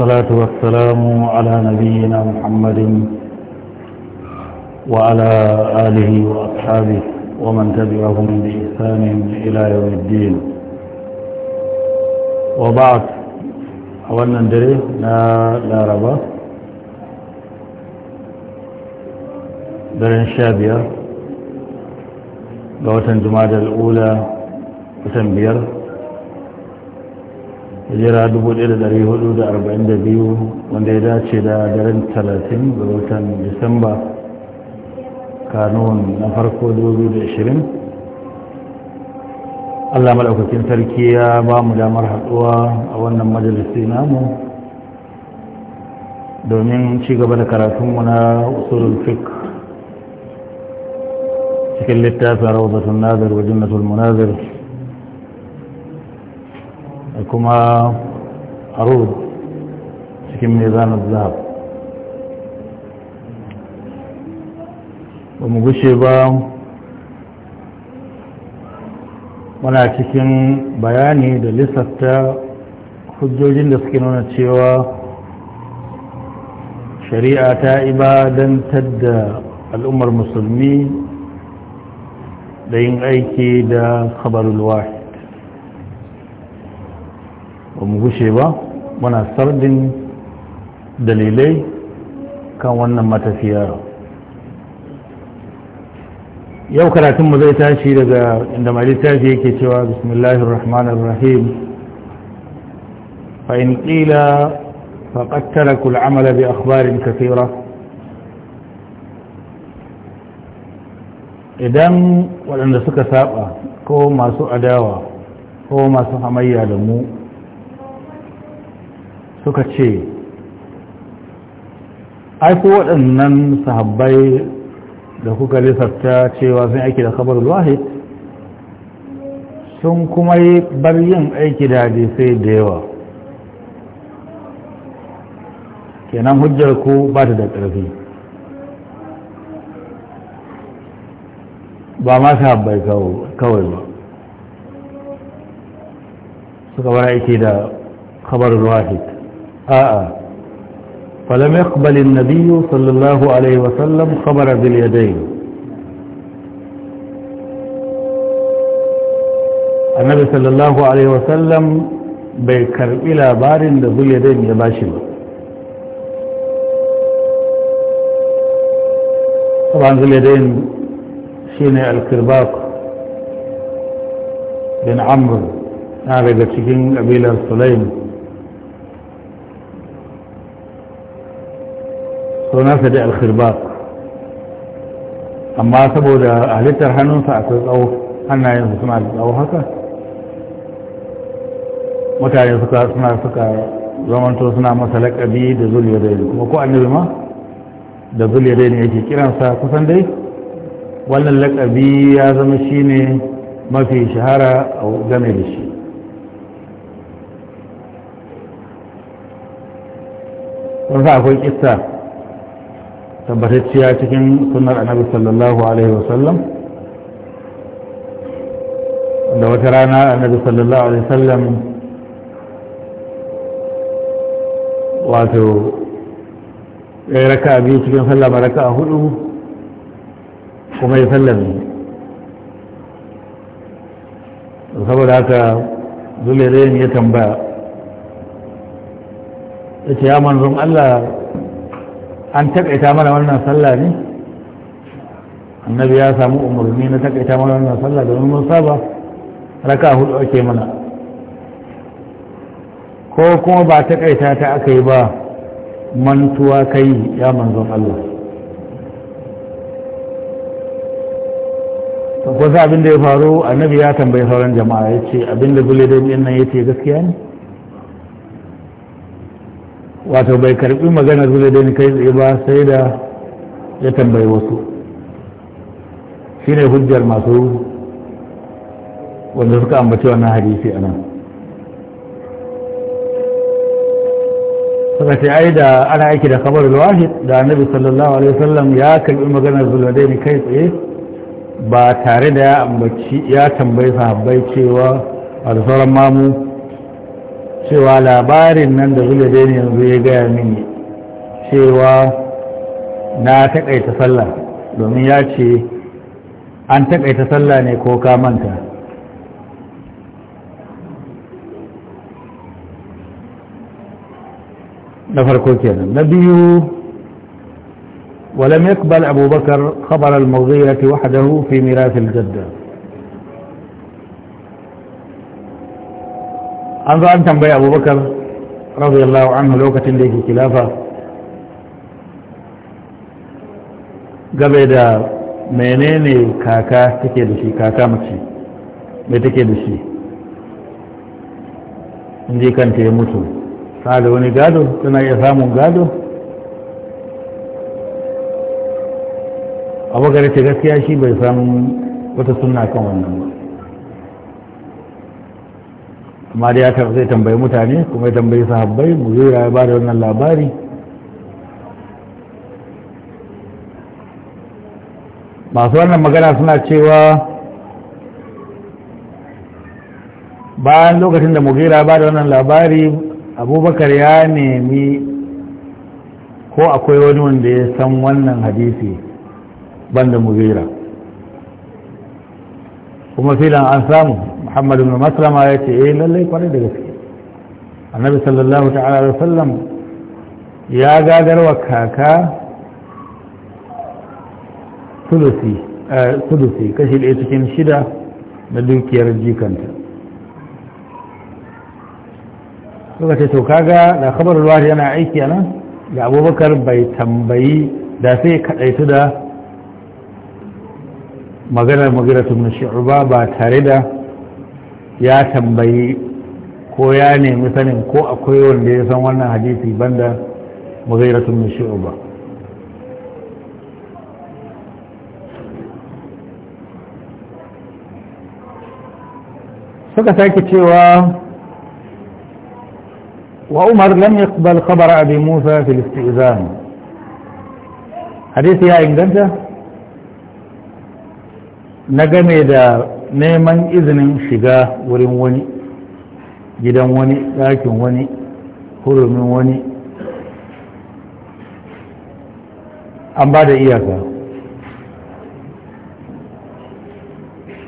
والصلاة والسلام على نبينا محمد وعلى آله وأصحابه ومن تبعهم بإحسان إلى يوم الدين وبعد أولا ندري لا لا ربا درين شابية لوتن جماد الأولى وتنبير hijira 1442 wanda ya dace da daren 30 ga watan disamba kanun na farko 2020 allah malaukakin sarki ya ba mu damar haɗuwa a wannan majalisi namu domin ci gaba da karatunmu na usulun fik cikin littafin rawdatul nazar wajen jannatul munazir da kuma arud cikin mezanar zahab ba mu gushe ba muna cikin bayani da lissafta hujjojin da suke nuna cewa shari'a ta ibadantar da al'ummar musulmi da yin aiki da khabarul wahi ba mu gushe ba muna sardin dalilai kan wannan matafiya yau karatunmu zai tashi daga inda mai littafi yake cewa bismillahir rahmanir rahim فإن قيل فقد تركوا العمل بأخبار كثيرة idan waɗanda suka saba ko masu adawa ko masu hamayya da mu suka ce aiko waɗannan sahabbai da kuka lissafta cewa sun aiki da kabar wahid sun kuma yi bar yin aiki da hadisai da yawa kenan hujjar ku ba ta da ƙarfi ba ma sahabbai kawai ba suka bar aiki da kabar wahid آآ آه. فلم يقبل النبي صلى الله عليه وسلم خبر اليدين النبي صلى الله عليه وسلم بيكر إلى بار ذو اليدين يا يباشر طبعا ذو اليدين شيني الكرباق بن عمرو نعبد تشكين أبيل السليم sunansa da alkhirba amma saboda halittar hannunsa akwai tsawo hannayensa suna da tsawo haka mutane suka suna suka zamanto suna masa laƙabi da zuliyadaini kuma ko annabi ma da zuliyadaini yake kiransa kusan dai wannan laƙabi ya zama shi ne mafi shahara a game da shi kun akwai kista tabbatacciya cikin sunar annabi sallallahu alaihi wasallam da wata rana annabi sallallahu alaihi wasallam wato ya raka biyu cikin sallama raka hudu kuma ya sallame saboda haka zulere ya tambaya ya ce ya manzon Allah an taƙaita mana wannan sallah ne annabi ya samu umarni na taƙaita mana wannan sallah domin mun saba raka hudu ake mana ko kuma ba taƙaita ta aka yi ba mantuwa kai ya manzon Allah wasu abin da ya faru annabi ya tambayi sauran jama'a ya ce abin da gulidin nan ya ce gaskiya ne wato bai karbi magana zuwa da ni kai tsaye ba sai da ya tambayi wasu shine hujjar masu wanda suka ambaci wannan hadisi a nan suka ce ai da ana aiki da kamar wahid da annabi sallallahu alaihi wasallam ya karbi maganar ni kai tsaye ba tare da ya ambaci ya tambayi sahabbai cewa a da sauran mamu cewa labarin nan da zuladen yanzu ya gaya mini cewa na taƙaita sallah domin ya ce an taƙaita sallah ne ko ka manta na farko kenan na biyu ولم يقبل أبو بكر خبر المغيرة وحده في ميراث الجدة an zo an tambaya abubakar radiyallahu anhu lokacin da yake kilafa game da menene kaka take da shi kaka mace mai take da shi in ji kanta ya mutu ta da wani gado tana iya samun gado abubakar ce gaskiya shi bai san wata suna kan wannan ba amma da ya zai tambayi mutane kuma ya tambayi sahabbai mu yi ya ba wannan labari masu wannan magana suna cewa bayan lokacin da mugira ba da wannan labari abubakar ya nemi ko akwai wani wanda ya san wannan hadisi banda mugira kuma filan an samu muhammadu bin maslama ya ce eh lallai kwarai da gaske annabi sallallahu ta'ala alaihi sallam ya gagarwa kaka eh, sulusi kashi ɗaya cikin shida na dukiyar jikanta suka ce to kaga da kabar ruwa yana aiki a nan da abubakar bai tambayi da sai kaɗaitu da maganar magiratu na shi'uba ba tare da ya tambayi ko ya nemi sanin ko akwai wanda ya san wannan hadisi banda muzairatun min ba. suka sake cewa wa umar lam yaqbal khabar abi musa fil istizan hadisi ya inganta na game da neman izinin shiga wurin wani gidan wani ɗakin wani hurumin wani an ba da iyaka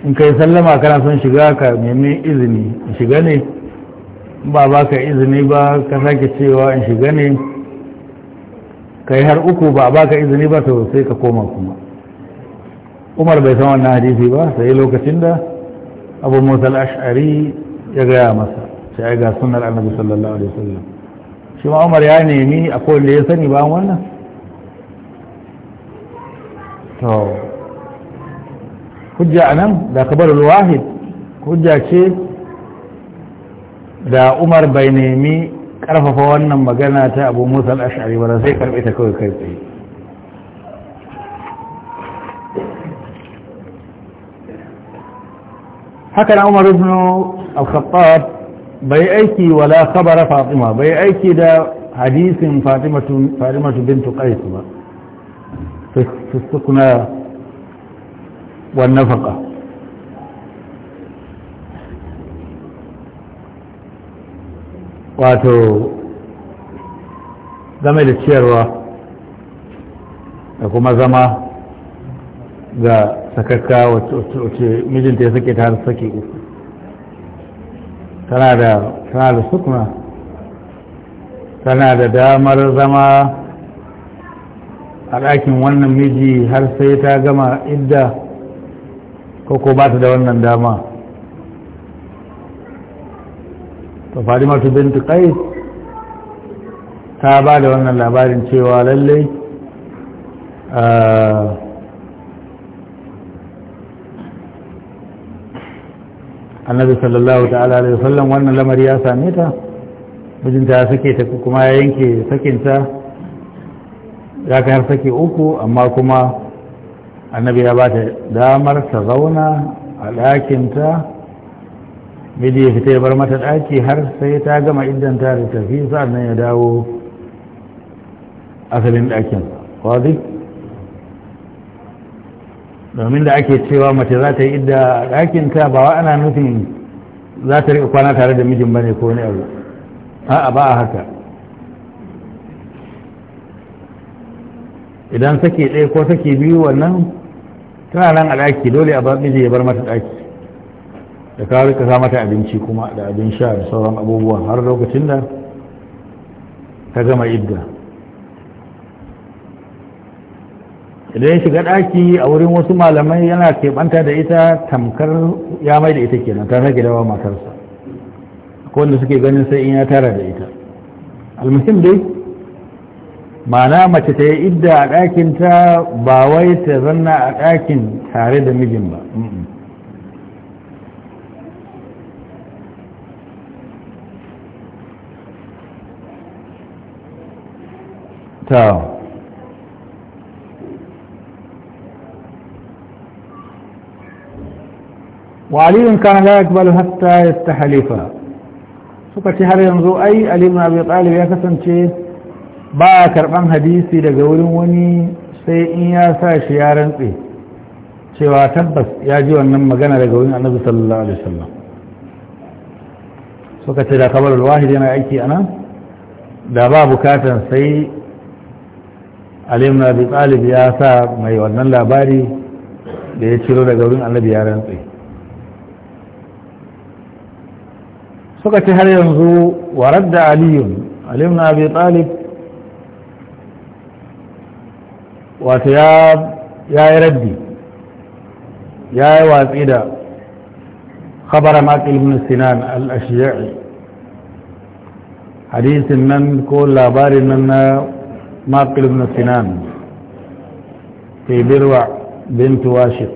in kai sallama kana son shiga ka nemi izini in shiga ne ba ba ka izini ba ka sake cewa in shiga ne ka yi har uku ba ba ka izini ba sai ka koma kuma umar bai san wannan hadisi ba sai lokacin da abu musa al-ash'ari ya gaya masa sai ga sunnar annabi sallallahu alaihi wasallam shi ma umar ya nemi a da ya sani ba wannan to hujja anan da al wahid hujja ce da umar bai nemi karfafa wannan magana ta abu musa al-ash'ari ba sai karbe ta kawai kai tsaye haka na umar ibn al-khattab bai aiki wala khabara fatima bai aiki da hadisin fatimatu bintu qais ba fi sukuna wa nafaqa wato game da ciyarwa da kuma zama ga sakakka wacce mijinta ya sake ta sake uku tana da sukuna tana da damar zama a ɗakin wannan miji har sai ta gama idda ko ko ba ta da wannan dama ta fadimatu bintu qais ta ba da wannan labarin cewa lallai uh, annabi sallallahu ta'ala alaihi wasallam wannan lamari ya same ta mijinta ya sake ta kuma ya yanke sakinta ya kai har sake uku amma kuma annabi ya ba ta damar ta zauna a ɗakinta miji ya fita ya bar mata ɗaki har sai ta gama ta da tafi nan ya dawo asalin ɗakin wazi domin da ake cewa mace za ta yi idda ɗakinta ba wa ana nufin za ta riƙa kwana tare da mijin bane ko wani abu a'a ba a haka idan sake ɗaya ko sake biyu wannan tana nan a ɗaki dole a ba miji ya bar mata ɗaki da ka rika sa mata abinci kuma da abin sha da sauran abubuwa har lokacin da ta gama idda idan ya shiga ɗaki a wurin wasu malamai yana keɓanta da ita tamkar ya mai da ita kenan ta rage dawa matarsa ko wanda suke ganin sai in ya tara da ita almuhim dai mana mace ta yi idda a ɗakin ta ba wai ta zanna a ɗakin tare da mijin ba ta waliyun kana la yakbalu hatta yastahlifa suka ce har yanzu ai ali ibn abi talib ya kasance ba karban hadisi daga wurin wani sai in ya sa shi ya rantse cewa tabbas ya ji wannan magana daga wurin annabi sallallahu alaihi wasallam suka ce da kabar wahid yana aiki anan da ba bukatan sai ali ibn abi talib ya sa mai wannan labari da ya ciro daga wurin annabi ya rantse suka ci har yanzu wa radda aliyun aliyun na abi talib wato ya yi raddi ya yi watsi da khabara maƙil ibn sinan al-ashiya'i hadisin nan ko labarin nan na maƙil ibn sinan fi birwa bint washiq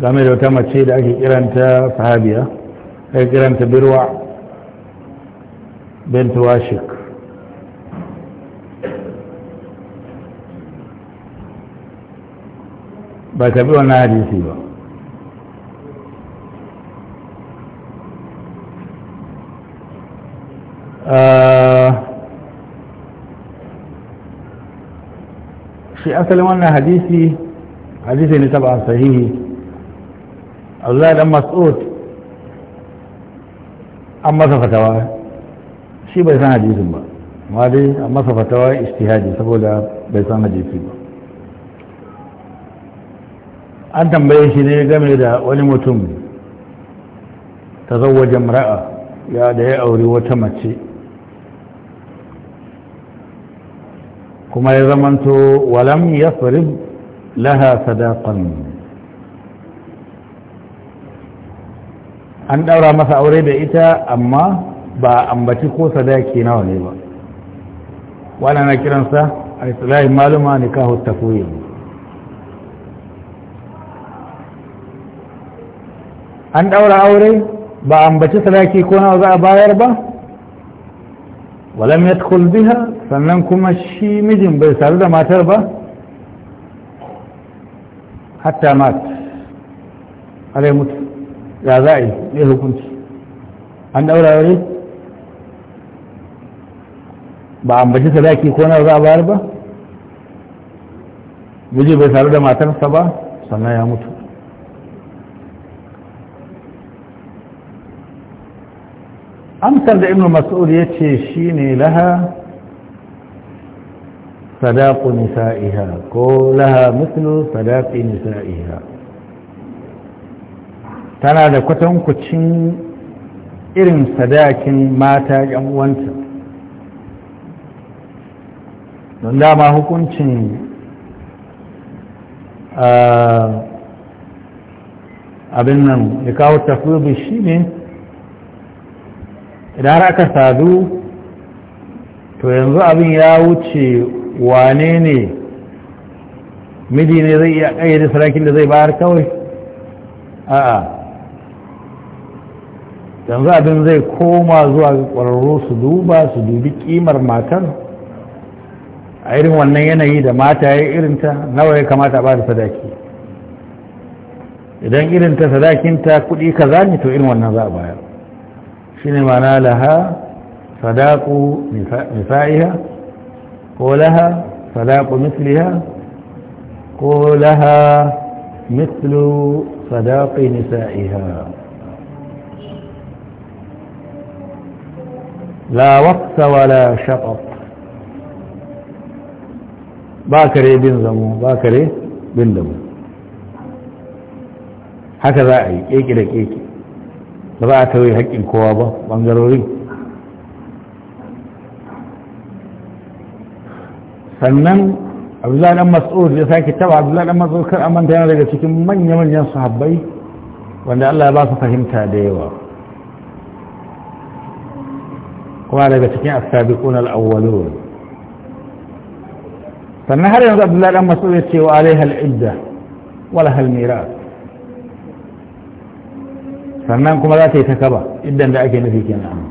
game da wata mace da ake kiranta sahabiya sai kiranta birwa bint washik ba ta bi wannan hadisi ba ah, shi asalin wannan hadisi hadisi ne taba sahihi Allah dan Mas'ud an masa fatawa shi bai san hadisin ba amma dai an masa fatawa istihadi saboda bai san hadisi ba an tambaye shi ne game da wani mutum ta wajen ra'a ya da ya auri wata mace kuma ya zamanto walam ya laha sadaqan an ɗaura masa aure da ita amma ba ambaci ko sadaki nawa ne ba wannan na kiransa a islahi maluma nikahu tafuyin an ɗaura aure ba ambaci sadaki ko nawa za a bayar ba walam yadkhul biha sannan kuma shi mijin bai sadu da matar ba hatta mat alai mutu ya za a yi ya hukunci an daura wuri ba ambaci sadaki ko na za a bayar ba miji bai saru da matarsa ba sannan ya mutu amsar da ibn mas'ud ya ce shi ne laha sadaku nisa'iha ko laha mislu sadaki nisa'iha tana da kwatankucin irin sadakin mata yan uwanta don dama hukuncin abin nan ya kawo tafiyobi shi ne idan aka sadu to yanzu abin ya wuce wane ne miji ne zai iya ƙayyade sarakin da zai bayar kawai a'a yanzu abin zai koma zuwa ga ƙwararru su duba su dubi ƙimar matar a irin wannan yanayi da mata ya irinta nawa ya kamata a bada sadaki idan irinta sadakinta kuɗi ka za to irin wannan za a bayar shi ne na laha sadaku nisa'iha ko laha sadaku misliha ko laha mislu sadaku nisa'iha لا وقت ولا شطط ba kare bin zamo ba kare bin damo haka za a yi keke da keke ba za a kowa ba sannan abdullahi dan mas'ud ya sake taba abdullahi dan mas'ud kar amanta yana daga cikin manya-manyan sahabbai wanda Allah ya ba su fahimta da yawa وعلى بيتك السابقون الأولون فالنهر ينظر عبد الله الأم مسؤوليتي وعليها العدة ولها الميراث فمنكم لا تتكبر إدا لأكي كي نعم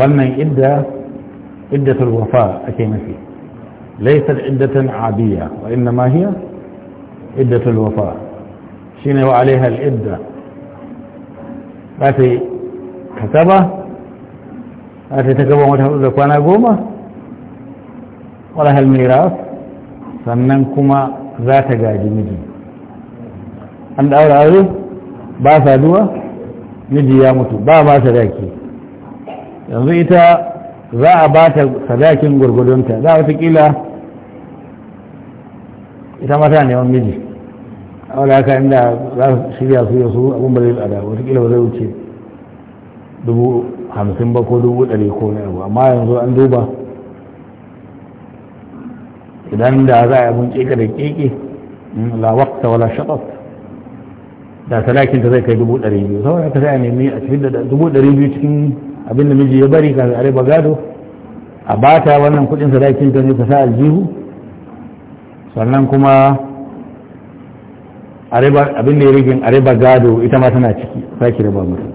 ومن إدا إدة الوفاء أكي نفي ليست عدة عادية وإنما هي إدة الوفاء شنو وعليها الإدة لا تتكبر a ta gaban wata hudu da kwana goma wala halmira sannan kuma za ta gaji miji an daura aure ba saduwa miji ya mutu ba ba sadaki yanzu ita za a ba ta sadakin gurgudunta za a watakila ita mata neman miji a wadda haka inda za su shirya su yasu abin ba zai tsada watakila ba zai wuce dubu hamsin ba ko dubu ɗari ko na abu amma yanzu an duba idan da za a yi abin keke da keke la waqta wala shaqat da talakin ta zai kai dubu ɗari biyu saboda ka sai a nemi a cikin da dubu ɗari biyu cikin abin da miji ya bari kan are gado a bata wannan kuɗin sadakin ta ne ka sa aljihu sannan kuma abin da ya rigin a gado ita ma tana ciki sake raba mutum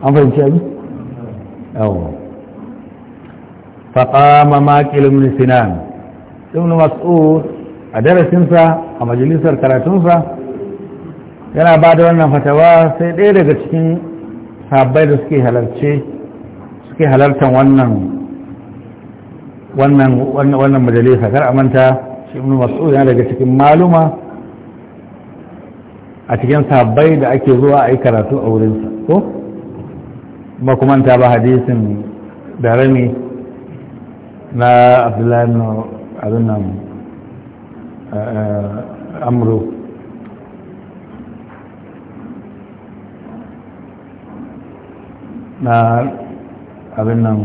an fahimci abin أو فقام ماكل بن سنان ابن مسعود أدرس انسى ومجلس الكراتنسى yana ba da wannan fatawa sai ɗaya daga cikin sabbai da suke halarce suke halartar wannan majalisa kar a manta shi ibn mas'ud yana daga cikin maluma a cikin sabbai da ake zuwa a yi karatu a wurinsa ko ba kuma ta ba hadisin da rami na abdullahi abin nan eh, amuru na abin nan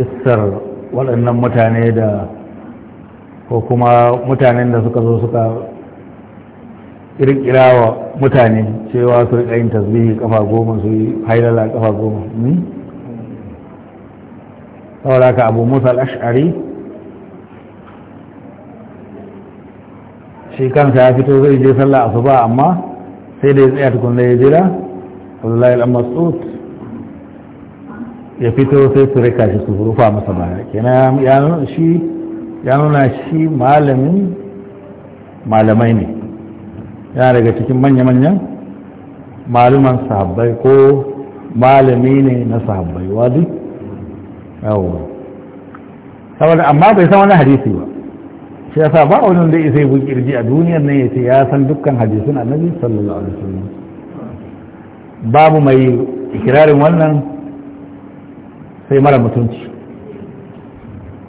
isar waɗannan mutane da ko kuma mutanen da suka zo suka kirkira wa mutane cewa su rika yin tasbihi kafa goma su yi hailala kafa goma hmm? saboda ka abu musa al'ashari shi kansa ya fito zai je sallah a ba amma sai da ya tsaya tukun da ya jira abdullahi al-masud ya fito sai su rika shi su rufa masa baya kenan ya nuna shi malamin malamai ne ya daga cikin manya-manyan maluman sahabbai ko malami ne na sahabbai wadi yawon saboda amma bai san wani hadisi ba shi yasa ba wani da isa yi kirji a duniyar nan ya ce ya san dukkan hadisun annabi sallallahu alaihi wasallam babu mai ikirarin wannan sai mara mutunci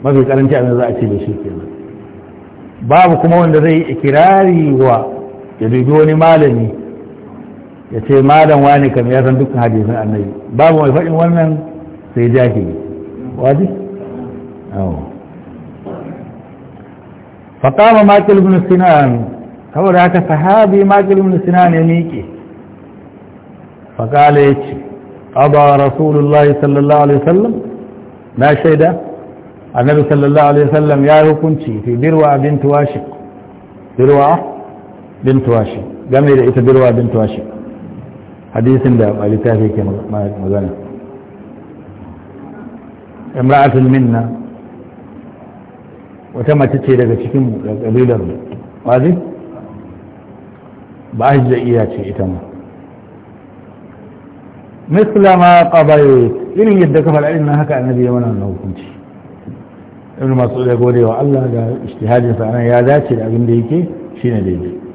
mafi karanci abin za a ce da shi kenan babu kuma wanda zai ikirari wa ya dubi wani malami ya ce malam wani kam ya san dukkan hadisin annabi babu mai faɗin wannan sai jahili awo. faƙama makil ibn sinan saboda haka sahabi makil ibn sinan ya miƙe faƙala ya ce أبى رسول الله صلى الله عليه وسلم ما شهد النبي صلى الله عليه hukunci fi birwa في بروة birwa. Bintu washe game da ita birwa bintu washe hadisin da ta ke magana imra'atul minna wata mace ce daga cikin kabilar mu wazi ba shi da iya ce ita ma misla ma qabayt irin yadda ka faɗa nan haka annabi ya mana hukunci ibn mas'ud ya gode wa Allah da ijtihadin sa nan ya dace da abin da yake shine daidai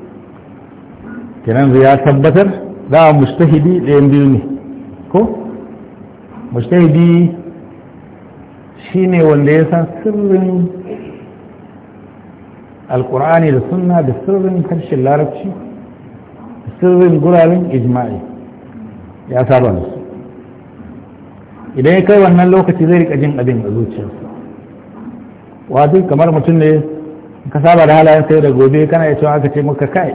kenan ya tabbatar a mustahidi ɗayan biyu ne ko mustahidi shine wanda ya san sirrin alkur'ani da sunna da sirrin harshen larabci da sirrin guraren ijma'i ya saba da su idan ya kai wannan lokaci zai rika jin abin a zuciyarsa duk kamar mutum ne ka saba da halayen sai da gobe kana ya cewa aka ce maka kai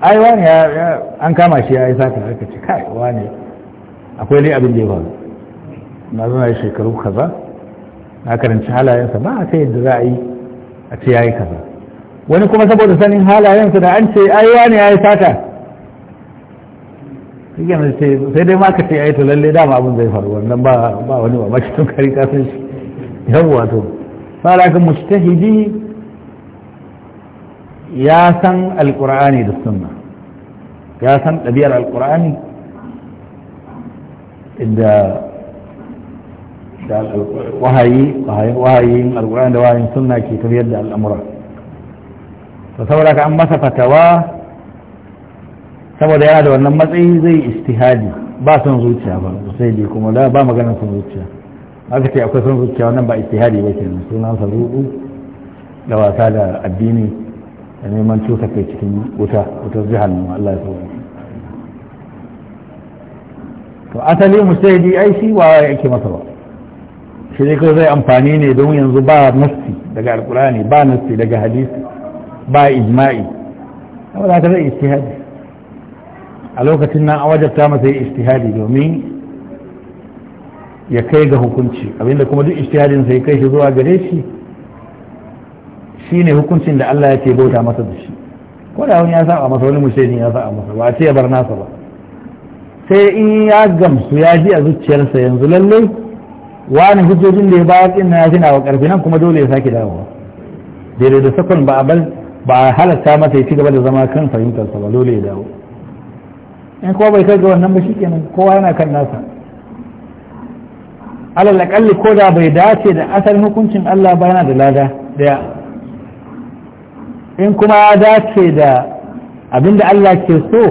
ai wani ya an kama shi ya yi sata aka ce kai wani akwai dai abin da ya faru na zana shekaru kaza na karanci halayensa ba a ta yadda za a yi a ce ya yi kaza wani kuma saboda sanin halayensa da an ce ai wani ya yi sata sai dai maka ce ya yi to lalle dama abin zai faru wannan ba wani ba mashi tun kari kasan shi yawwa to fara kan mustahidi ya san alkur'ani da sunna ya san ɗabi'ar alkur'ani da wahayi wahayin alkur'ani da wahayin sunna ke tafiyar da al'amura to saboda ka an masa fatawa saboda yana da wannan matsayi zai istihadi ba son zuciya ba sai dai kuma da ba maganar son zuciya aka ce akwai son zuciya wannan ba istihadi ba kenan sunan sa ruɗu da wasa da addini da neman cuta kai cikin wuta wutar jihar mu Allah ya sauya to asali mustahidi ai shi ba yake masa ba shi ne kawai zai amfani ne don yanzu ba nasti daga alkurani ba nasti daga hadisi ba ijma'i amma za zai istihadi a lokacin nan a wajabta masa yi istihadi domin ya kai ga hukunci abinda kuma duk istihadin sai kai shi zuwa gare shi shine hukuncin da Allah ya ce bauta masa da shi ko da wani ya saba masa wani mushrikin ya saba masa ba a ce ya bar nasa ba sai in ya gamsu ya ji a zuciyarsa yanzu lallai wani hujjojin da ya ba din na yana wa karfi nan kuma dole ya sake dawowa daidai da sakon ba a bal ba a halatta mata ya ci gaba da zama kan fahimtarsa ba dole ya dawo in kowa bai kai ga wannan ba shikenan kowa yana kan nasa alal akalli ko da bai dace da asalin hukuncin Allah ba yana da lada daya in kuma ya dace da abinda Allah ke so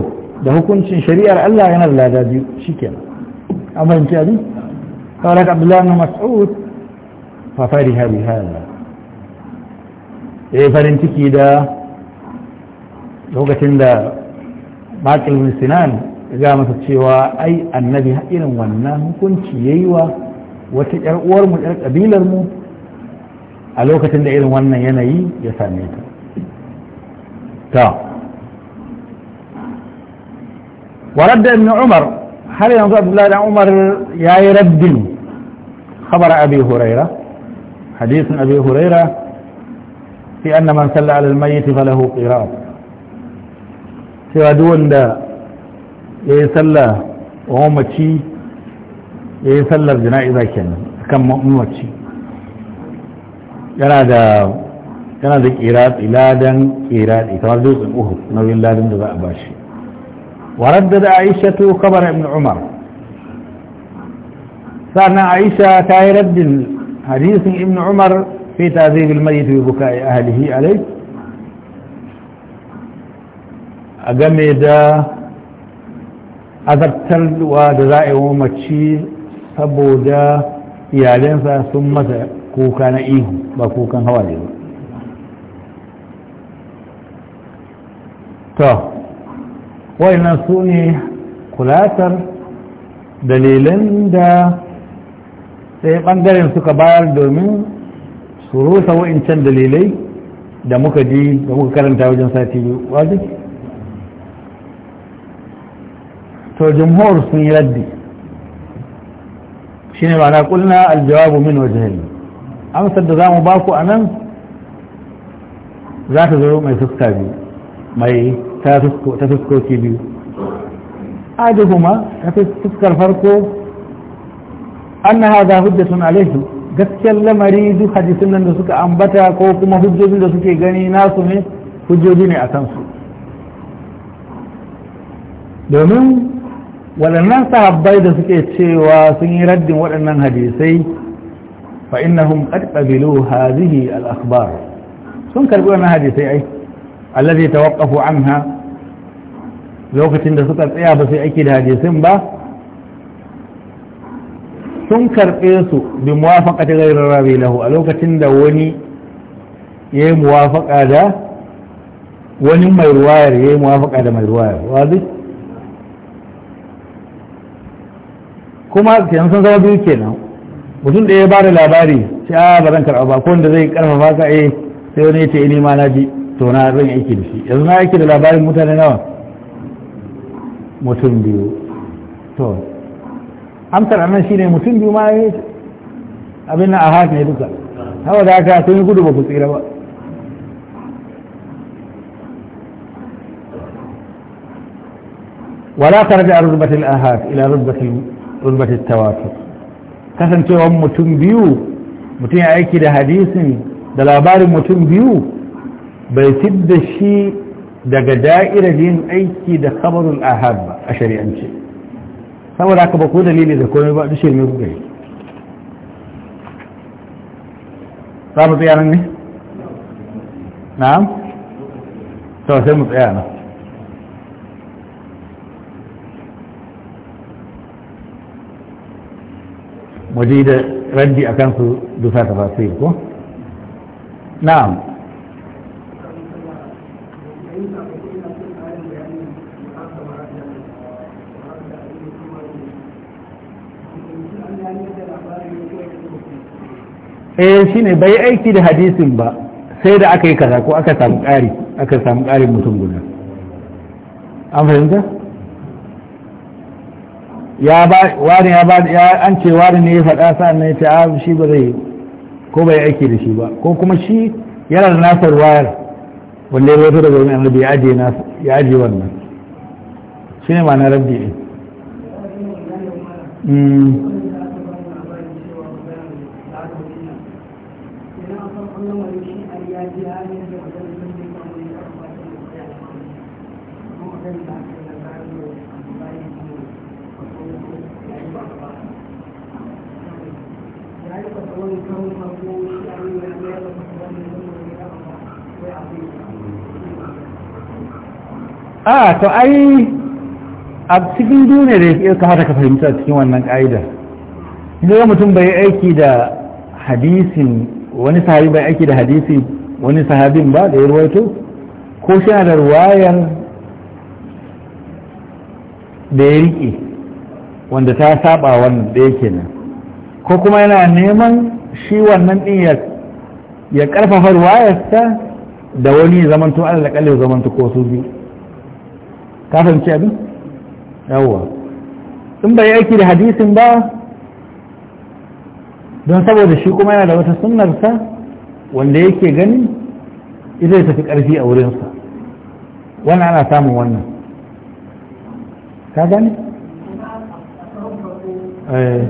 da hukuncin shari'ar Allah yana da lada biyu shikenan an fahimci abin kawai da Abdullahi na Mas'ud fa fariha bi hada eh farin ciki da lokacin da Maqil bin Sinan ga masa cewa ai annabi irin wannan hukunci ya yi wa wata ƴar uwar ƴar ƙabilarmu a lokacin da irin wannan yanayi ya same ta ta ورد ابن عمر هل ينظر عبد الله عمر يا يرد خبر أبي هريرة حديث أبي هريرة في أن من صلى على الميت فله قراط في دون دا يسلى وهو مكي يسلى الجنائزة كان كم مؤمن مكي يرى tana da kiradi ladan kiradi kamar dutsen uhud nauyin ladan da za a bashi وردد عائشة خبر ابن عمر صارنا عائشة تايرد حديث ابن عمر في تعذيب الميت ببكاء أهله عليه أقمد أذبتل ودزائي ومتشي سبودا إيالين ثم كوكان إيه وكوكان هواليه to wayannan su ne kulatar dalilan da sai bangaren suka bayar domin su rusa wa'incan dalilai da muka ji da muka karanta wajen sati biyu wajen to jumhur sun yi raddi shi ne na kulna aljawabu min wajen amsar da za mu baku a nan za ta zo mai fuska biyu mai ta fuskoki biyu ajuhuma ta fuskar farko an na haza hujjatun alaihi gaskiyar lamari duk hadisin nan da suka ambata ko kuma hujjojin da suke gani nasu ne hujjoji ne a kansu domin waɗannan sahabbai da suke cewa sun yi raddin waɗannan hadisai fa innahum qad qabilu hazihi al'akbar sun karɓi wannan hadisai ai allazi tawaqqafu anha lokacin da suka tsaya ba sai ake da hadisin ba sun karbe su bi muwafaqati ghayri rabi lahu a lokacin da wani yayi muwafaqa da wani mai ruwayar yayi muwafaqa da mai ruwayar wazi kuma kenan sun zama biyu kenan mutum da ya ba da labari shi a ba zan karɓa ba ko wanda zai karfafa ka eh sai wani ya ce ni ma na ji tona na zan aiki da shi yanzu na aiki da labarin mutane nawa mutum biyu to amsar annan shine mutum biyu ma yi abin na ahad ne duka hawa da aka sun yi gudu ba ku tsira ba wala ترجع رتبة الآهات إلى رتبة رتبة التواتر كسن cewa mutum biyu mutum ya aiki da hadisin da labarin mutum biyu bai fidda shi daga da'irar yin aiki da khabarul ahad ba a shari'ance saboda haka ba ku dalili da komai ba duk shirme kuka yi za mu tsaya nan ne na'am to sai mu tsaya nan mu ji da raddi akan su dusa tafasir ko na'am eh shine bai aiki da hadisin ba sai da aka yi kaza ko aka samu ƙari aka samu ƙarin mutum guda an fahimta ya ba wani ya ba ya an ce wani ne ya faɗa sa'an ne ta a shi ba zai ko bai aiki da shi ba ko kuma shi yana da nasar wayar wanda ya zo daga wani annabi ya ajiye nasa ya ajiye wannan shine ma na rabbi hmm. a to ai a cikin duniya da ya kamata ka fahimta cikin wannan ƙa'idar idan mutum bai aiki da hadisin wani sahabi bai aiki da hadisi wani sahabin ba da ya ruwaito ko shi da ruwayar da ya riƙe wanda ta saba wannan da yake nan ko kuma yana neman shi wannan ɗin ya ƙarfafa ruwayarsa da wani zamanto allah da zamanto ko su biyu ka fahimci abin yawwa in bai aiki da hadisin ba don saboda shi kuma yana da wata sunnarsa wanda yake gani ita tafi karfi a wurinsa wannan ana samun wannan ka gani? eh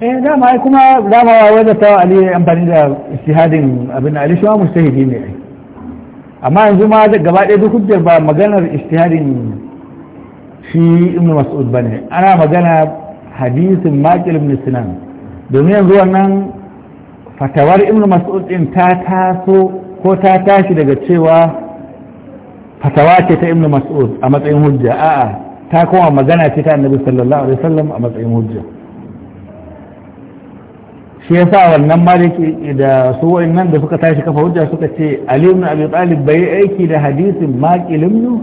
eh dama ai kuma dama wanda ta ali amfani da istihadin abin ali shi ma mustahidi ne ai amma yanzu ma gaba ɗaya duk hujjar ba maganar istihadin shi ibn mas'ud bane ana magana hadisin maqil ibn sinan domin yanzu wannan fatawar ibn mas'ud din ta taso ko ta tashi daga cewa fatawa ce ta ibn mas'ud a matsayin hujja a'a ta koma magana ce ta annabi sallallahu alaihi wasallam a matsayin hujja shi ya sa wannan maliki da su nan da suka tashi kafa hujja suka ce ali ibn abi talib bai aiki da hadisin maqilin nu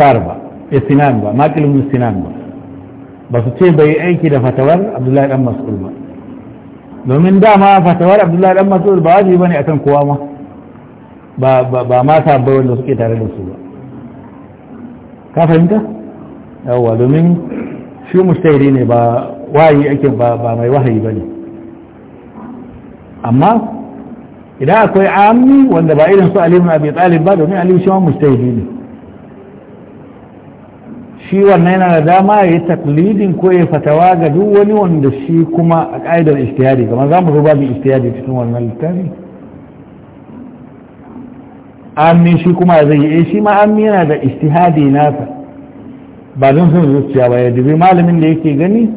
sa ba sinan ba maqilin nu sinan ba ba su ce bai aiki da fatawar abdullahi dan mas'ud ba domin dama fatawar abdullahi dan mas'ud ba wajibi bane akan kowa ma ba ba ma sabbai wanda suke tare da su ba ka fahimta yawwa domin shi mustahiri ne ba wayi ake ba mai wahayi ba ne amma idan akwai ammi wanda ba irin su alimun abi talib ba domin alimun shima mustahidi ne shi wannan yana da dama ya yi taklidin ko ya fatawa ga duk wani wanda shi kuma a ƙa'idar istihadi kamar za mu zo babu istihadi cikin wannan littafi ammi shi kuma zai yi eh, shi ma ammi yana da istihadi nasa ba don sun zuciya ba ya dubi malamin da yake gani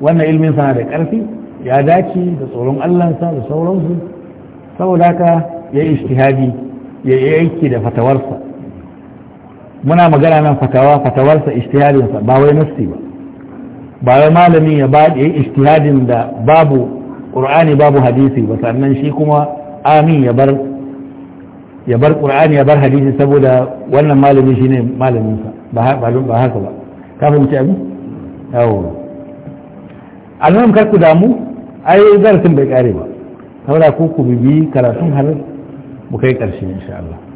wannan ilmin sana da ƙarfi ya dace da tsoron allansa da sauransu saboda haka ya yi ishtihadi ya yi aiki da fatawarsa muna magana nan fatawa fatawarsa ishtihadinsa ba wai nasti ba ba wai malami ya ba ya yi ishtihadin da babu ƙur'ani babu hadisi ba sannan shi kuma amin ya bar ya bar qur'ani ya bar hadisi saboda wannan malami shine malaminsa ba haka ba ka fahimci abin yawo alhamdulillah kar ku damu ai zarafin bai kare ba saboda ku ku bibi karatun halar mu kai karshe insha Allah